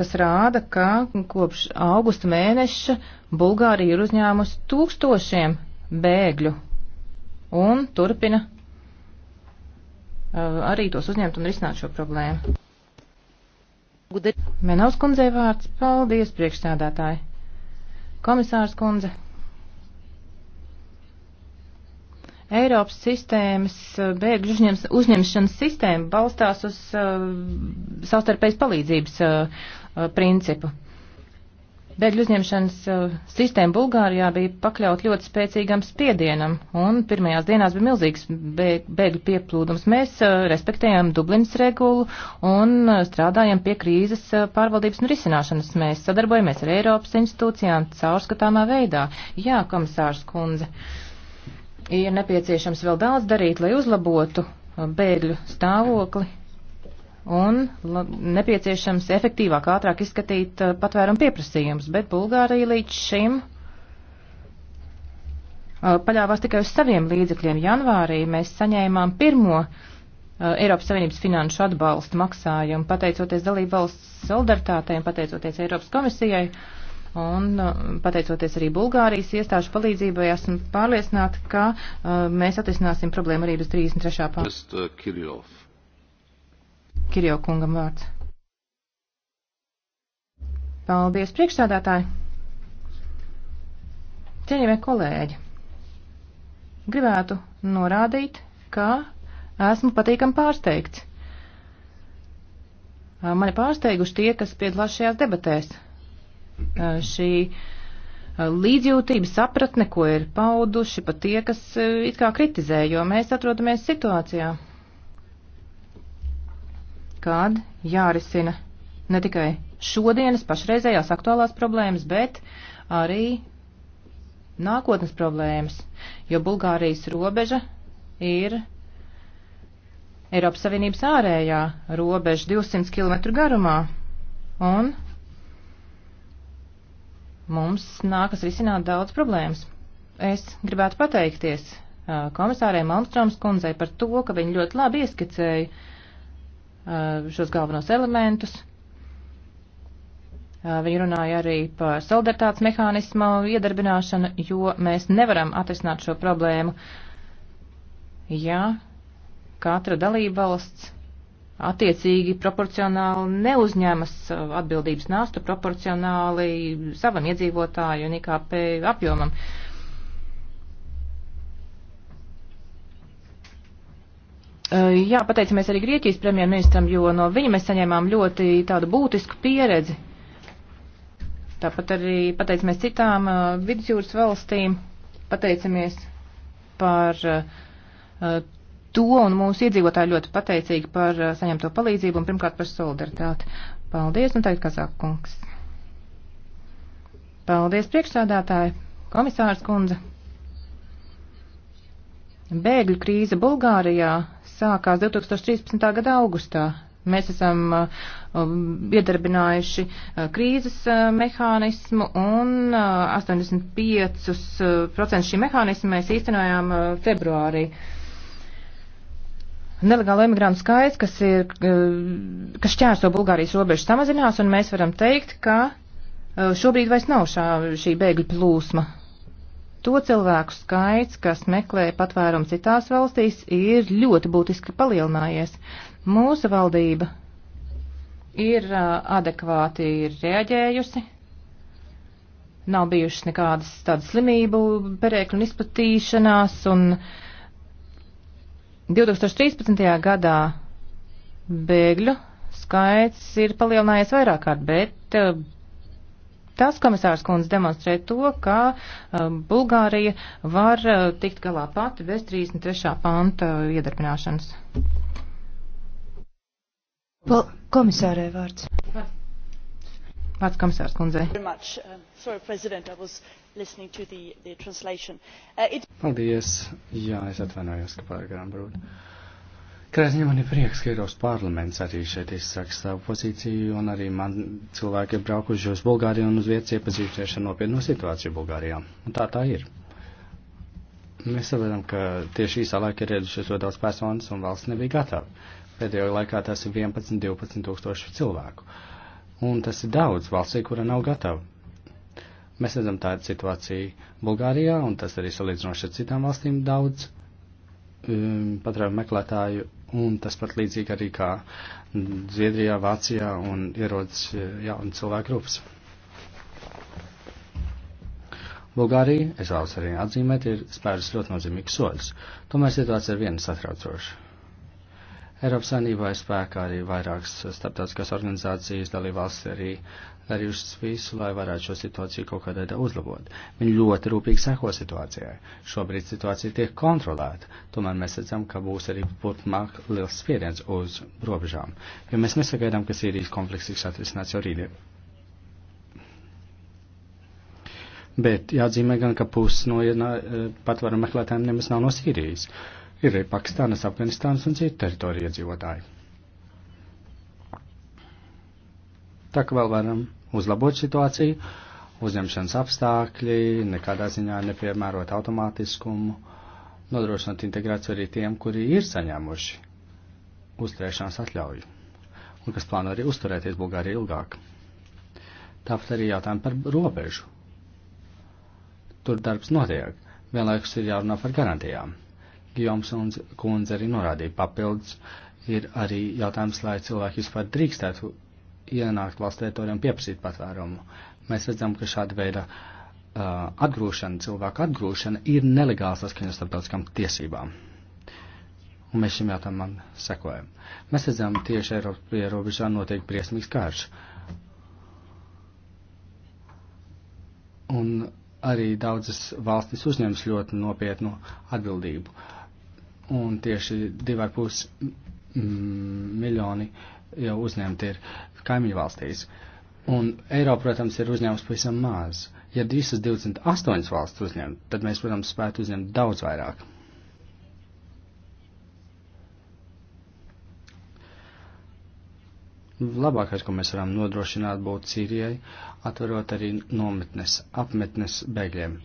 kas rāda, ka kopš augusta mēneša Bulgārija ir uzņēmusi tūkstošiem bēgļu un turpina arī tos uzņemt un risināt šo problēmu. Menaus kundzei vārds. Paldies, priekšsēdētāji. Komisārs kundze. Eiropas sistēmas eh, bēgļu uzņems, uzņemšanas sistēma balstās uz uh, savstarpējas palīdzības uh, principu. Bēgļu uzņemšanas uh, sistēma Bulgārijā bija pakļaut ļoti spēcīgam spiedienam, un pirmajās dienās bija milzīgs bēg, bēgļu pieplūdums. Mēs uh, respektējam Dublinas regulu un uh, strādājam pie krīzes uh, pārvaldības un risināšanas. Mēs sadarbojamies ar Eiropas institūcijām caurskatāmā veidā. Jā, komisārs Kunze. Uh, ir nepieciešams vēl daudz darīt, lai uzlabotu uh, bēgļu stāvokli un nepieciešams efektīvāk, ātrāk izskatīt uh, patvērumu pieprasījumus, bet Bulgārija līdz šim uh, paļāvās tikai uz saviem līdzekļiem. Janvārī mēs saņēmām pirmo Eiropas Savienības finanšu atbalstu maksājumu, pateicoties dalībvalsts solidaritātei un pateicoties Eiropas komisijai. Uh, Un uh, pateicoties arī Bulgārijas iestāžu palīdzībai, esmu pārliecināta, ka uh, mēs atrisināsim problēmu arī bez 33. pārā. Kirjov. Kirjo kungam vārds. Paldies, priekšstādātāji. Cienījamie kolēģi, gribētu norādīt, ka esmu patīkam pārsteigts. Mani pārsteiguši tie, kas piedalās šajās debatēs šī līdzjūtība, sapratne, ko ir pauduši pat tie, kas it kā kritizē, jo mēs atrodamies situācijā, kad jārisina ne tikai šodienas pašreizējās aktuālās problēmas, bet arī nākotnes problēmas, jo Bulgārijas robeža ir Eiropas Savienības ārējā robeža 200 km garumā, un mums nākas risināt daudz problēmas. Es gribētu pateikties komisārai Malmstroms kundzei par to, ka viņa ļoti labi ieskicēja šos galvenos elementus. Viņa runāja arī par solidaritātes mehānismu iedarbināšanu, jo mēs nevaram atrisināt šo problēmu, ja katra dalība valsts attiecīgi proporcionāli neuzņemas uh, atbildības nastu proporcionāli savam iedzīvotāju un IKP apjomam. Uh, jā, pateicamies arī Grieķijas premjerministram, jo no viņa mēs saņēmām ļoti tādu būtisku pieredzi. Tāpat arī pateicamies citām uh, vidusjūras valstīm, pateicamies par uh, uh to, un mūsu iedzīvotāji ļoti pateicīgi par uh, saņemto palīdzību un pirmkārt par solidaritāti. Paldies, un tagad Kazakungs. Paldies, priekšsādātāji, komisārs kundze. Bēgļu krīze Bulgārijā sākās 2013. gada augustā. Mēs esam uh, um, iedarbinājuši uh, krīzes mehānismu un 85% šī mehānismu mēs īstenojām februārī nelegālo imigrantu skaits, kas, ir, eh, kas šķērso Bulgārijas robežu, samazinās, un mēs varam teikt, ka eh, šobrīd vairs nav šā, šī bēgļu plūsma. To cilvēku skaits, kas meklē patvērumu citās valstīs, ir ļoti būtiski palielinājies. Mūsu valdība ir eh, adekvāti ir reaģējusi. Nav bijušas nekādas tādas slimību perēkļu un izplatīšanās, un uh, 2013. gadā bēgļu skaits ir palielinājies vairāk kārt, bet eh, tas komisārs kundze demonstrē to, ka eh, Bulgārija var eh, tikt galā pati bez 33. panta iedarbināšanas. Pal komisārē vārds. Vārds komisārs kundzei listening to the, the translation. Uh, it... Paldies. Jā, es atvainojos, ka pārgājām brūdi. Krasņi man ir prieks, ka Eiropas parlaments arī šeit izsaka savu pozīciju, un arī man cilvēki ir braukuši uz Bulgāriju un uz vietas iepazījušies ar nopietnu situāciju Bulgārijā. Un tā tā ir. Mēs saprotam, ka tieši īsā laikā ir ieradušies to daudz personas, un valsts nebija gatava. Pēdējo laikā tas ir 11-12 tūkstoši cilvēku. Un tas ir daudz valstī, kura nav gatava Mēs redzam tādu situāciju Bulgārijā, un tas arī salīdzinoši ar citām valstīm daudz um, patvērumu meklētāju, un tas pat līdzīgi arī kā Zviedrijā, Vācijā un ierodas uh, jauni cilvēku grupas. Bulgārija, es vēlos arī atzīmēt, ir spērus ļoti nozīmīgus soļus, tomēr situācija ir viena satraucoša. Eiropas Savienībā ir spēkā arī vairākas starptautiskās organizācijas, dalībvalsts arī darījušas visu, lai varētu šo situāciju kaut kādā veidā uzlabot. Viņi ļoti rūpīgi seko situācijai. Šobrīd situācija tiek kontrolēta, tomēr mēs redzam, ka būs arī turpmāk liels spiediens uz robežām, jo mēs nesagaidām, ka Sīrijas konflikts tiks atrisināts jau rītdien. Bet jāatzīmē gan, ka pusi no patvaru meklētājiem nemaz nav no Sīrijas. Ir arī Pakistānas, Afganistānas un citu teritoriju iedzīvotāji. Tā ka vēl varam uzlabot situāciju, uzņemšanas apstākļi, nekādā ziņā nepiemērot automātiskumu, nodrošināt integrāciju arī tiem, kuri ir saņēmuši uzturēšanās atļauju un kas plāno arī uzturēties Bulgārijā ilgāk. Tāpat arī jautājumi par robežu. Tur darbs notiek, vienlaikus ir jārunā par garantijām. Gijoms un kundze arī norādīja papildus, ir arī jautājums, lai cilvēki vispār drīkstētu ienākt valsts teritorijā un pieprasīt patvērumu. Mēs redzam, ka šāda veida uh, atgrūšana, cilvēku atgrūšana ir nelegāla saskaņā starptautiskām tiesībām. Un mēs šim jautājumam sekojam. Mēs redzam, tieši Eiropas pierobežā notiek briesmīgs karš. Un arī daudzas valstis uzņems ļoti nopietnu atbildību. Un tieši 2,5 miljoni uh, jau uzņemti ir kaimiņu valstīs. Un Eiropa, protams, ir uzņēmusi pavisam maz. Ja visas 28 valsts uzņemtu, tad mēs, protams, spētu uzņemt daudz vairāk. Labākais, ko mēs varam nodrošināt, būtu Sīrijai, atverot arī nometnes, apmetnes bēgļiem.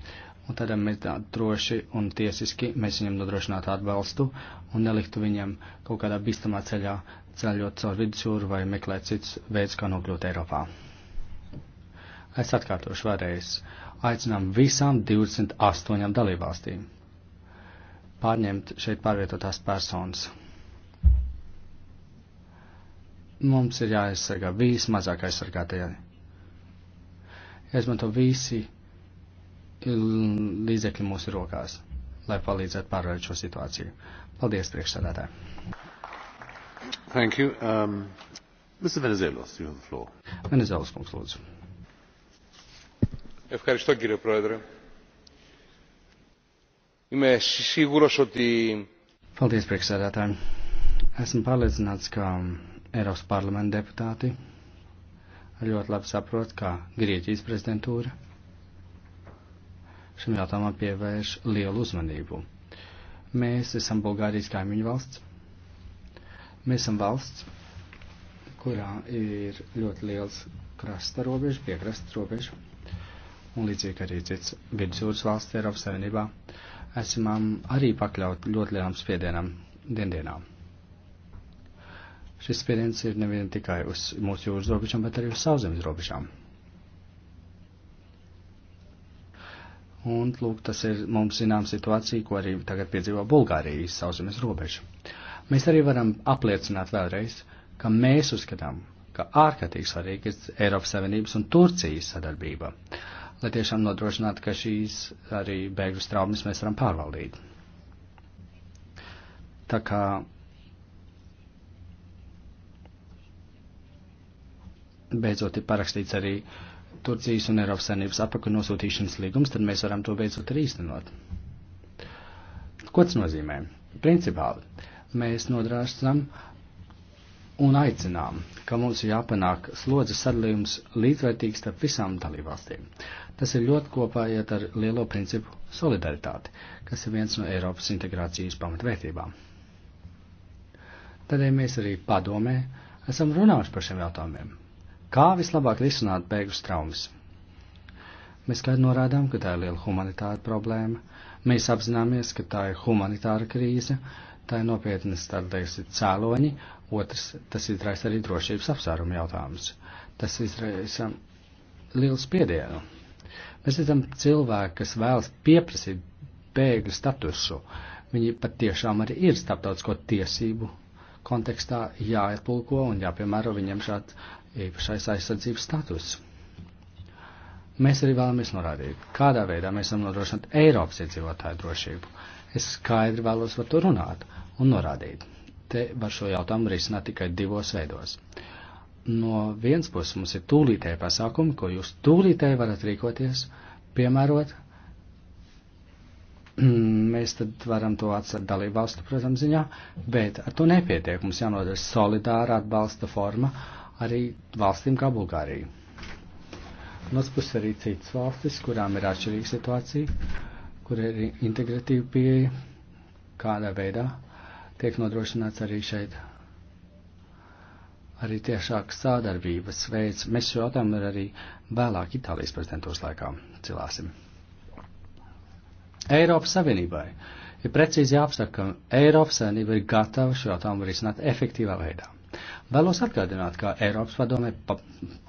Un tad mēs tā droši un tiesiski mēs viņam nodrošinātu atbalstu un neliktu viņam kaut kādā bīstamā ceļā ceļot caur vidusjūru vai meklēt cits veids, kā nokļūt Eiropā. Es atkārtošu vēlreiz. Aicinām visām 28 dalībvalstīm pārņemt šeit pārvietotās personas. Mums ir jāaizsargā vismazāk aizsargātajai. Jāizmanto visi līdzekļi mūsu rokās, lai palīdzētu pārvarēt šo situāciju. Paldies, priekšsēdētāji! Thank you. Um, Mr. Venizelos, you have the floor. Venizelos, kungs, lūdzu. Ευχαριστώ κύριε Πρόεδρε. Είμαι σίγουρος ότι... Paldies, priekšsēdētāji. Esmu pārliecināts, ka um, Eiropas parlamenta deputāti ļoti labi saprot, kā Grieķijas prezidentūra šim jautājumam pievērš lielu uzmanību. Mēs esam Bulgārijas kaimiņu valsts, Mēs esam valsts, kurā ir ļoti liels krasta robeža, piekrasta robeža, un līdzīgi arī cits vidusjūras valsts Eiropas Savienībā, esam um, arī pakļaut ļoti lielam spiedienam diendienām. Šis spiediens ir nevien tikai uz mūsu jūras robežām, bet arī uz sauszemes robežām. Un, lūk, tas ir mums zinām situācija, ko arī tagad piedzīvo Bulgārijas sauszemes robeža. Mēs arī varam apliecināt vēlreiz, ka mēs uzskatām, ka ārkārtīgi svarīga ir Eiropas Savienības un Turcijas sadarbība, lai tiešām nodrošinātu, ka šīs arī bēgļu straumes mēs varam pārvaldīt. Tā kā beidzot ir parakstīts arī Turcijas un Eiropas Savienības apaka nosūtīšanas līgums, tad mēs varam to beidzot arī īstenot. Ko tas nozīmē? Principāli mēs nodrāstam un aicinām, ka mums ir jāpanāk slodzes sadalījums līdzvērtīgs starp visām dalībvalstīm. Tas ir ļoti kopā iet ar lielo principu solidaritāti, kas ir viens no Eiropas integrācijas pamatvērtībām. Tādēļ ja mēs arī padomē esam runājuši par šiem jautājumiem. Kā vislabāk risināt bēgļu traumas? Mēs skaidri norādām, ka tā ir liela humanitāra problēma. Mēs apzināmies, ka tā ir humanitāra krīze, Tā ir nopietnas, tādēļ ir cēloņi, otrs, tas izraisa arī drošības apsvērumu jautājums. Tas izraisa lielu spiedienu. Mēs redzam cilvēku, kas vēlas pieprasīt bēgļu statusu. Viņi patiešām arī ir starptautisko tiesību kontekstā jāietulko un jāpiemēro viņiem šāds īpašais aizsardzības status. Mēs arī vēlamies norādīt, kādā veidā mēs varam nodrošināt Eiropas iedzīvotāju drošību. Es skaidri vēlos par to runāt un norādīt. Te var šo jautājumu risināt tikai divos veidos. No vienas puses mums ir tūlītēji pasākumi, ko jūs tūlītēji varat rīkoties, piemērot. Mm, mēs tad varam to atstāt dalību valstu, protams, ziņā, bet ar to nepietiek. Mums jānodrošina solidāra atbalsta forma arī valstīm kā Bulgārija. No otras puses arī citas valstis, kurām ir atšķirīga situācija, kur ir integratīva pieeja, kādā veidā tiek nodrošināts arī šeit arī tiešākas sādarbības veids. Mēs šo jautājumu arī vēlāk Itālijas prezidentūras laikā cilāsim. Eiropas Savienībai ir precīzi jāapsaka, ka Eiropas Savienība ir gatava šo jautājumu risināt efektīvā veidā. Vēlos atgādināt, ka Eiropas padomē pa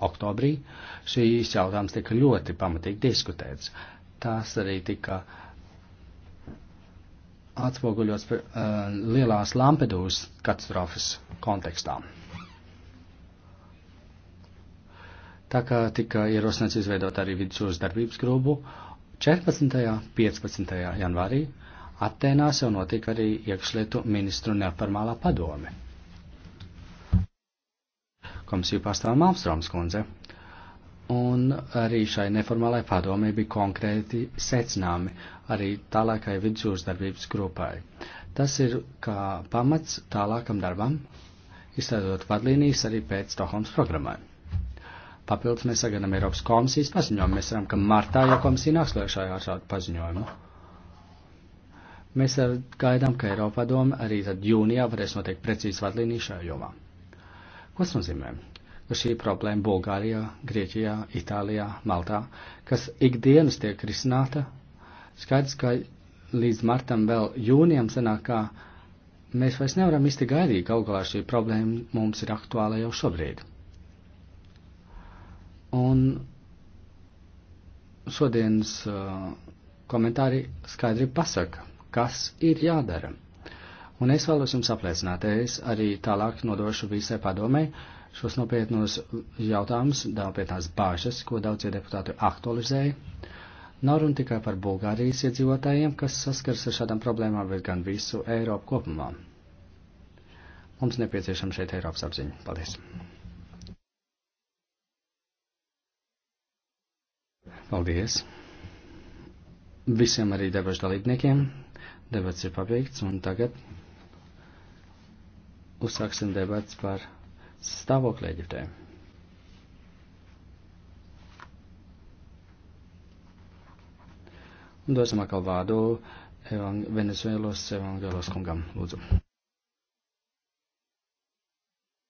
oktobrī šīs jautājums tika ļoti pamatīgi diskutēts. Tās arī tika atspoguļots uh, lielās Lampedūras katastrofas kontekstā. Tā kā tika ierosināts izveidot arī vidusjūras darbības grupu, 14. un 15. janvārī Atēnās jau notika arī iekšlietu ministru neformālā padome komisiju pārstāv Malmstroms kundze. Un arī šai neformālai padomē bija konkrēti secinājumi arī tālākai vidusjūras darbības grupai. Tas ir kā pamats tālākam darbam, izstrādot vadlīnijas arī pēc Stokholmas programmai. Papildus mēs sagaidām Eiropas komisijas paziņojumu. Mēs ceram, ka martā jau komisija nāks lēšā ar šādu paziņojumu. Mēs gaidām, ka Eiropa doma arī tad jūnijā varēs noteikt precīzi vadlīniju šajā jomā. Ko tas nozīmē? Ka šī problēma Bulgārijā, Grieķijā, Itālijā, Maltā, kas ikdienas tiek risināta, skaidrs, ka līdz martam vēl jūnijam sanāk, ka mēs vairs nevaram īsti gaidīt, galu galā šī problēma mums ir aktuāla jau šobrīd. Un šodienas uh, komentāri skaidri pasaka, kas ir jādara. Un es vēlos jums apliecināt, es arī tālāk nodošu visai padomē šos nopietnos jautājumus, nopietnās bāžas, ko daudzie deputāti aktualizēja. Nav runa tikai par Bulgārijas iedzīvotājiem, kas saskars ar šādām problēmām, bet gan visu Eiropu kopumā. Mums nepieciešama šeit Eiropas apziņa. Paldies! Paldies! Visiem arī debašu dalībniekiem. Debats ir pabeigts un tagad uzsāksim debats par stāvokli Eģiptē. Un dosim atkal vārdu Venezuelos evangelos kungam, lūdzu.